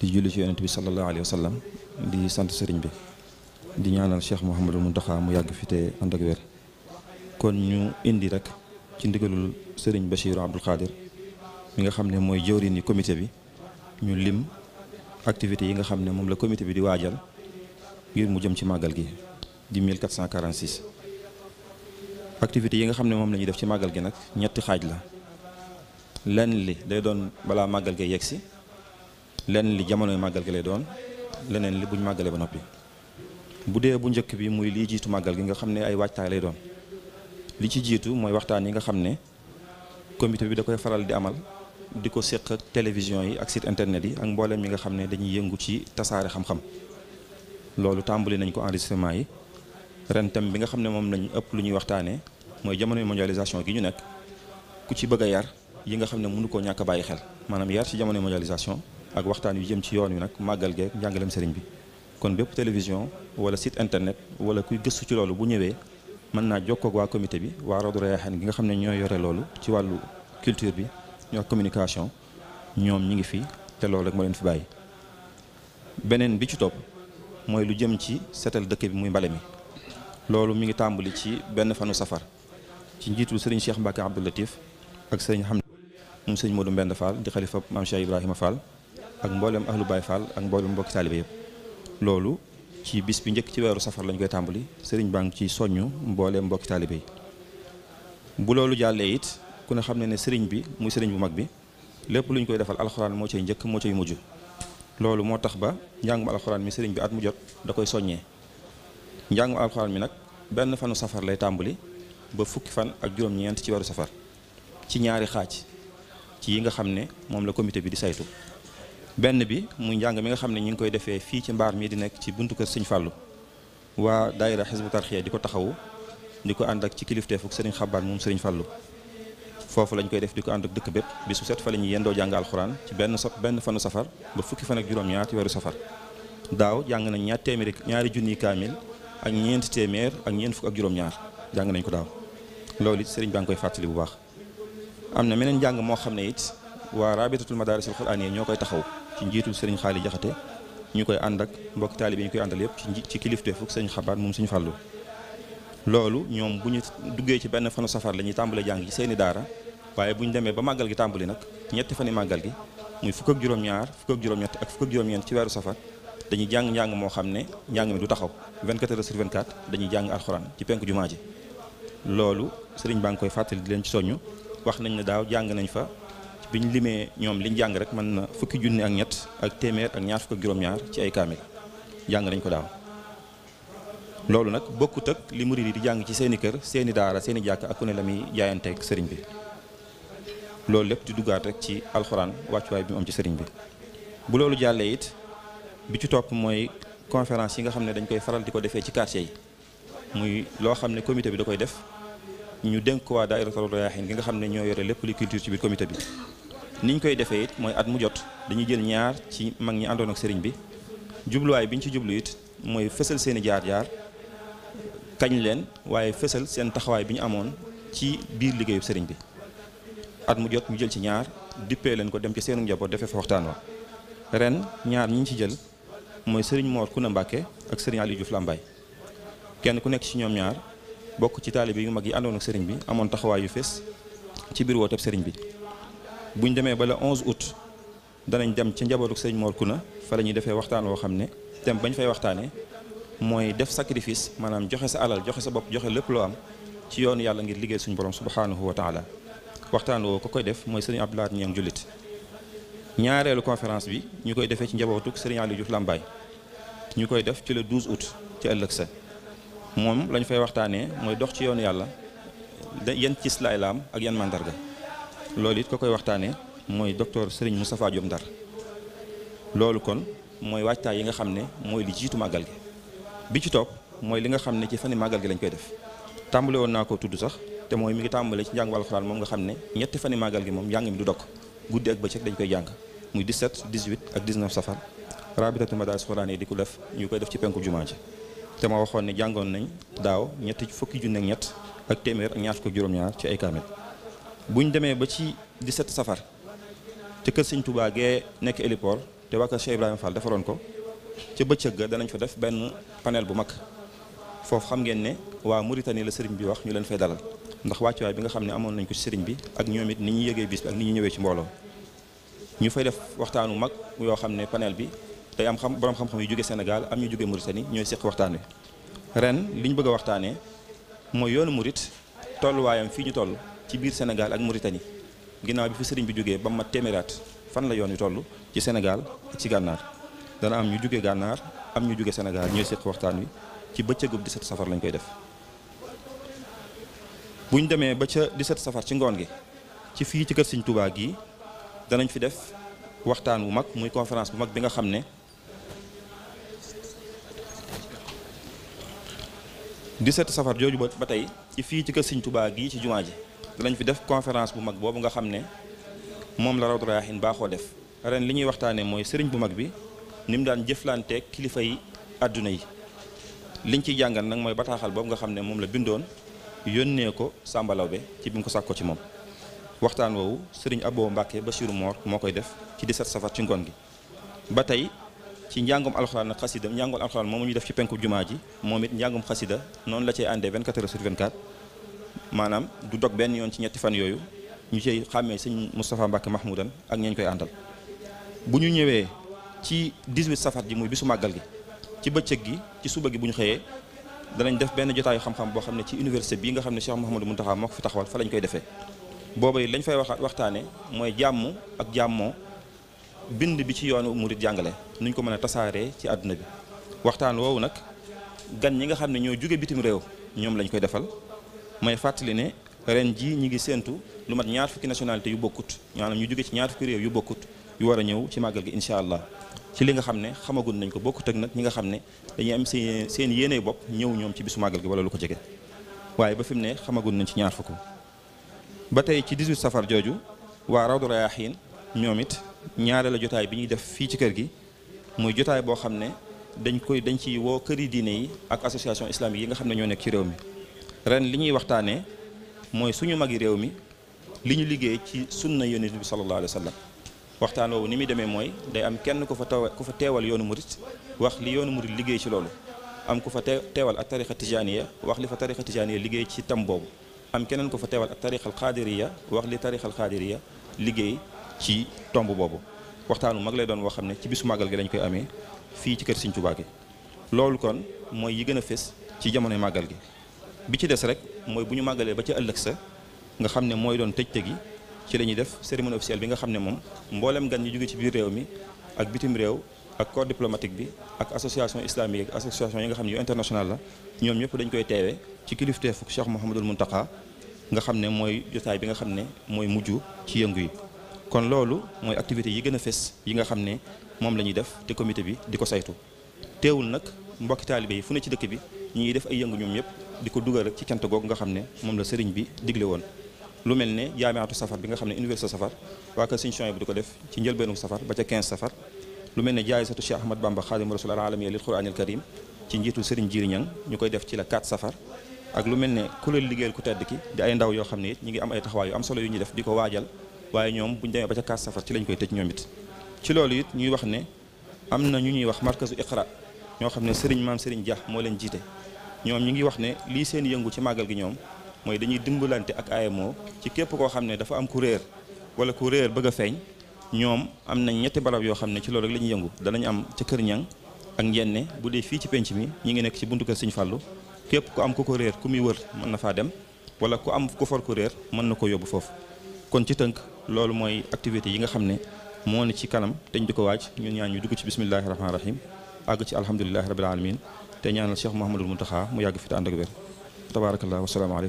di julli ci yonent bi sallallahu alayhi wa sallam di sant sëriñ bi di ñaanal Cheikh Mouhamadou Mountakha mu yàgg fi te ànd kon ñu indi rek ci ndigalul sëriñ Bachirou Abdoul Khadir mi nga xam ne mooy jëwriñ yi comité bi ñu lim activités yi nga xam ne moom la comité bi di waajal ngir mu jëm ci màggal gi di 1446 activités yi nga xam ne moom la def ci màggal gi nag ñetti xaaj la lenn li day doon balaa màggal gi yegg si lenn li jamonoy màggal gi lay doon leneen li buñ màggalee ba noppi bu dee bu njëkk bi muy lii jiitu màggal gi nga xam ne ay waajtaay doon li ci jiitu mooy waxtaan yi nga xam ne comité bi da koy faral di amal di ko séq ak yi ak site internet yi ak mbooleem yi nga xam ne dañuy yëngu ci tasaare xam-xam loolu tàmbali nañ ko enregistrement yi ren tam bi nga xam ne moom lañ ëpp lu ñuy waxtaanee mooy jamonoy mondialisation gi ñu nekk ku ci bëgg a yar yi nga xam ne mënu koo ñàkk bàyyi xel maanaam yar ci jamonoy mondialisation ak waxtaan yu jëm ci yoon wi nag màggal geeg njàngaleem sëriñ bi kon bépp télévision wala site internet wala kuy gëstu ci loolu bu ñëwee mën naa jokkoo ak waa comité bi waa Rawdu Rayaaxaan gi nga xam ne ñoo yore loolu ci wàllu culture bi ñoo communication ñoom ñi ngi fi te loolu rek moo leen fi bàyyi. beneen bi ci topp mooy lu jëm ci seetal dëkk bi muy mbale mi loolu mu ngi tàmbali ci benn fanu safar ci njiitul sëriñ Cheikh Mbacke Abdou Latif ak sëriñ xam moom sëriñ Modou Mbend Fall di xalifa maam Cheikh Ibrahima Fall. ak mboolem ahlu Baye Fall ak mboolem mbokki taalibe yëpp loolu ci bis bi njëkk ci weeru safar lañ koy tàmbali sëriñ baa ngi ci soññu mboolem mbokki taalibe yi bu loolu jàllee it ku ne xam ne ne sëriñ bi muy sëriñ bu mag bi lépp lu koy defal alxuraan moo cay njëkk moo cay mujj loolu moo tax ba njàngum alxuraan mi sëriñ bi at mu jot da koy soññee njàngum alxuraan mi nag benn fanu safar lay tàmbali ba fukki fan ak juróom-ñeent ci weeru safar ci ñaari xaaj ci yi nga xam ne moom la comité bi di saytu benn bi mu njàng mi nga xam ne ñu ngi koy defee fii ci mbaar mii di nekk ci buntu kër Sëñ Fàllu waa daayira Hizbu Tarxiya di ko taxawu di ko ànd ak ci kilifteefu Sëriñ Xabbaan moom Sëriñ Fàllu foofu lañ koy def di ko ànd ak dëkk bépp bi su set fa la ñuy yendoo jàng alxuraan ci benn so benn fanu safar ba fukki fan ak juróom-ñaar ci weeru safar daaw jàng nañ ñaar téeméeri ñaari junniy kaamil ak ñeent téeméer ak ñeent fukk ak juróom-ñaar jàng nañ ko daaw loolu it sëriñ baa koy fàttali bu baax am na meneen jàng moo xam ne it waa rabitatul madarisil quraan yi ñoo koy taxaw ci njiitu seriñ xaali jaxate ñu koy ànd ak mbokki taalibe ñu koy àndal yëpp ci kilifte fukk sëriñ xabaat moom suñu fàllu loolu ñoom bu ñu duggee ci benn fanu safar la ñuy tàmbale jàng ci seeni daara waaye bu ñu demee ba màggal gi tàmbali nag ñetti fani màggal gi muy fukk juróom-ñaar fukk ak juróom-ñett ak fukk ak juróom-ñeent ci weeru safar dañuy jàng njàng moo xam ne njàng mi du taxaw 24 heures sur 24 dañuy jàng alxuraan ci penku jumaa ji loolu sëriñ baa ngi koy fàttali di leen ci soññu wax nañ ne daaw jàng nañ fa bi ñu limee ñoom liñ jàng rek mën na fukki junni ak ñett ak téeméer ak ñaar fukk juróom-ñaar ci ay kaamil jàng nañ ko daaw loolu nag bokkut ak li murid yi di jàng ci seeni kër seeni daara seeni jàkk ak ku ne la muy jaayanteeg sëriñ bi loolu lépp di duggaat rek ci alxuraan wàccuwaay bi mu am ci sëriñ bi bu loolu jàllee it bi ci topp mooy conférence yi nga xam ne dañ koy faral di ko defee ci quartier yi muy loo xam ne comité bi da koy def ñu dénk ko waa daayira ne ñoo yore lépp li culture ci biir bi niñ koy defee it mooy at mu jot dañuy jël ñaar ci mag ñi àndoon ak sëriñ bi jubluwaay bi ñu ci jublu it mooy fësal seeni jaar-jaar kañ leen waaye fësal seen taxawaay bi ñu amoon ci biir liggéeyu sëriñ bi at mu jot ñu jël ci ñaar dippee leen ko dem ci seenu njaboot defee fa waxtaan wa ren ñaar ñi ñu ci jël mooy sëriñ ku Kuna Mbàkke ak sëriñ Aliou Diouf kenn ku nekk ci ñoom ñaar bokk ci taalibe yu mag yi àndoon ak sëriñ bi amoon taxawaay yu fës ci biir wooteb sëriñ bi bu ñu demee ba le 11 août danañ dem ci njabootu sëñ Mor Kuna fa la ñuy defee waxtaan woo xam ne thème bañ fay waxtaanee mooy def sacrifice maanaam joxe sa alal joxe sa bopp joxe lépp loo am ci yoonu yàlla ngir liggéey suñ borom subhanahu wa taala waxtaan woo ko koy def mooy sëriñ Abdoulaye Niang Jullit ñaareelu conférence bi ñu koy defee ci njabootuk sëriñ Aliou Diouf ñu koy def ci la 12 août ci ëllëg sa moom lañu fay waxtaanee mooy dox ci yoonu yàlla yan cislaay laam ak yan mandarga loolu it ko koy waxtaanee mooy docteur Serigne Moustapha Diom Ndar loolu kon mooy waajtaay yi nga xam ne mooy li jiitu màggal gi bi ci toog mooy li nga xam ne ci fani màggal gi lañ koy def tàmbale woon naa ko tudd sax te mooy mi ngi tàmbale ci njàng alxuraan moom nga xam ne ñetti fani màggal gi moom njàng mi du dokk guddi ak bëccëg dañ koy jàng muy 17 18 ak 19 safar rabitatu madaaris xuraan yi di ko def ñu koy def ci penku jumaa ji te ma waxoon ne jàngoon nañ daaw ñetti fukki junne ñett ak téeméer ak ñaar ci ay kaamil bu ñu demee ba ci di set safar te kër Sëñ Touba gee nekk héliport te waa kër Cheikh Ibrahima defaroon ko ca bëccëg ga danañ fa def benn paneel bu mag foofu xam ngeen ne waa Mauritanie la sëriñ bi wax ñu leen fay dalal ndax wàccuwaay bi nga xam ne amoon nañ ko ci sëriñ bi ak ñoom it ni ñu yëgee bis bi ak ni ñu ñëwee ci mbooloo ñu fay def waxtaanu mag yoo xam ne panel bi day am xam borom xam-xam yu jóge senegal am ñu jóge Mauritanie ñooy seq waxtaan wi ren li ñu bëgg a waxtaanee mooy yoonu murit tolluwaayam fii ñu toll ci biir Sénégal ak Mauritanie ginnaaw bi fi sëriñ bi jógee ba mu mat téeméeraat fan la yoon wi toll ci Sénégal ci gànnaar dana am ñu jóge gànnaar am ñu jóge Sénégal ñooy séq waxtaan wi ci di set safar lañu koy def bu ñu demee ba ca 17 safar ci ngoon gi ci fii ci kër Sëriñ Tuubaa gii danañ fi def waxtaan wu mag muy conférence bu mag bi nga xam ne di 17 safar jooju ba ba tey ci fii ci kër Sëriñ tubaa gii ci jumaa ji lañu fi def conférence bu mag boobu nga xam ne moom la Rawdu Rayaahiin baaxoo def ren li ñuy waxtaanee mooy sëriñ bu mag bi ni mu daan jëflanteeg kilifa yi àdduna yi liñ ci jàngal nag mooy bataaxal boobu nga xam ne moom la bindoon yónnee ko Samba Lawbe ci bi mu ko sàkko ci moom. waxtaan woowu sëriñ Abo Mbacke Bachirou moor moo koy def ci 17 safar ci ngoon gi ba tey ci njàngum alxuraan ak xasida njàngum alxuraan moom ñu def ci penku jumaa ji moom noonu la cay àndee 24 heures sur 24. maanaam du dog benn yoon ci ñetti fan yooyu ñu cey xàmmee sëñ Moustapha Mbacke Mahmoudan ak ñañ koy àndal bu ñu ñëwee ci 18 safar ji muy bisu màggal gi ci bëccëg gi ci suba gi bu ñu xëyee danañ def benn jotaayu xam-xam boo xam ne ci université bi nga xam ne Cheikh Mouhamadou Mountakha moo ko fi taxawal fa lañ koy defee booba yi lañ fay wax waxtaane mooy jàmm ak jàmmoo bind bi ci yoonu murid jàngale nuñ ko mën a tasaaree ci àdduna bi waxtaan woowu nag gan ñi nga xam ne ñoo jóge bitim réew ñoom lañ koy defal may fàttali ne ren jii ñi ngi séentu lu mat ñaar fukki nationalité yu bokkut maanaam ñu jóge ci ñaar fukki réew yu bokkut yu war a ñëw ci màggal gi incha allah ci li nga xam ne xamagun nañ ko bokkut ak nag ñi nga xam ne dañu am seen seen yéene bopp ñëw ñoom ci bisu màggal gi wala ko jege waaye ba fi mu ne xamagun nañ ci ñaar fukk ba tey ci 18 safar jooju waa Rawdu Rayaahiin ñoom it ñaareelu jotaay bi ñuy def fii ci kër gi muy jotaay boo xam ne dañ koy dañ ci woo këri diine yi ak association islamique yi nga xam ne ñoo nekk ci réew mi ren li ñuy waxtaanee mooy suñu magi réew mi li ñu liggéey ci sunna yonent bi sallallahu alayhi wa sallam waxtaan woowu ni muy demee mooy day am kenn ku fa taw ku fa teewal yoonu murit wax li yoonu murit liggéey ci loolu am ku fa teewal ak tarixa tijaniya wax li fa tarixa tijaniya liggéey ci tam boobu am ku fa teewal ak tarixal xaadiriya wax li tarixal xaadiriya liggéey ci tomb boobu waxtaanu mag lay doon woo xam ne ci bisu màggal gi lañ koy amee fii ci kër Sëriñ Tuubaa gi loolu kon mooy yi gën a fés ci jamonoy màggal gi bi ci des rek mooy bu ñu màggalee ba ca ëllëg sa nga xam ne mooy doon tëj-tëj gi ci la ñuy def cérémonie officielle bi nga xam ne moom mboolem gan ñu jóge ci biir réew mi ak bitim réew ak corps diplomatique bi ak association islamique ak association yi nga xam ne yu international la ñoom ñëpp dañ koy teewe ci kilifteefu Cheikh Mouhamadul Mountakha nga xam ne mooy jotaay bi nga xam ne mooy mujj ci yëngu yi kon loolu mooy activité yi gën a fes yi nga xam ne moom la ñuy def te comité bi di ko saytu teewul nag mbokki taalibe yi fu ne ci dëkk bi ñu ngi def ay yëngu ñoom ñëpp di ko dugal rek ci cant googu nga xam ne moom la sëriñ bi digle woon lu mel ne jaamiatu safar bi nga xam ne université safar waa kër sëriñ Chouaïbou bi di ko def ci njëlbeenu safar ba ca 15 safar lu mel ne jaayisatu Cheikh Ahmad Bamba xaadimu rasul alaalamiya lil quraanil karim ci njiitu sëriñ Jiiri ñu koy def ci la 4 safar ak lu mel ne kuréel liggéeyal ku tedd ki di ay ndaw yoo xam ne it ñu ngi am ay taxawaay yu am solo yu ñuy def di ko waajal waaye ñoom buñu demee ba ca 4 safar ci lañ koy tëj ñoom ci loolu it ñuy wax ne am na ñu ñuy wax markazu iqra ñoo xam ne sëriñ maam sëriñ Dia moo leen jiite ñoom ñu ngi wax ne lii seen yëngu ci màggal gi ñoom mooy dañuy dimbalante ak AMO ci képp koo xam ne dafa am ku réer wala ku réer bëgg a feeñ ñoom am na ñetti barab yoo xam ne ci loolu rek yëngu danañ am ca Kër Ñang ak njenne bu dee fii ci penc mi ñi ngi nekk ci buntu kër Sëñ Fallu képp ku am ku ko réer ku muy wër mën na faa dem wala ku am ku for ku réer mën na ko yóbbu foofu kon ci tënk loolu mooy activité yi nga xam ne moo ne ci kanam dañ di ko waaj ñu ñaan ñu dugg ci bismillahi rahmaani rahim àgg ci alhamdulilahi rabil alamin te ñaanal Cheikh Mouhamadul Mountakha mu yàgg fi te ànd ak wér tabaarakallah wasalaamaaleykum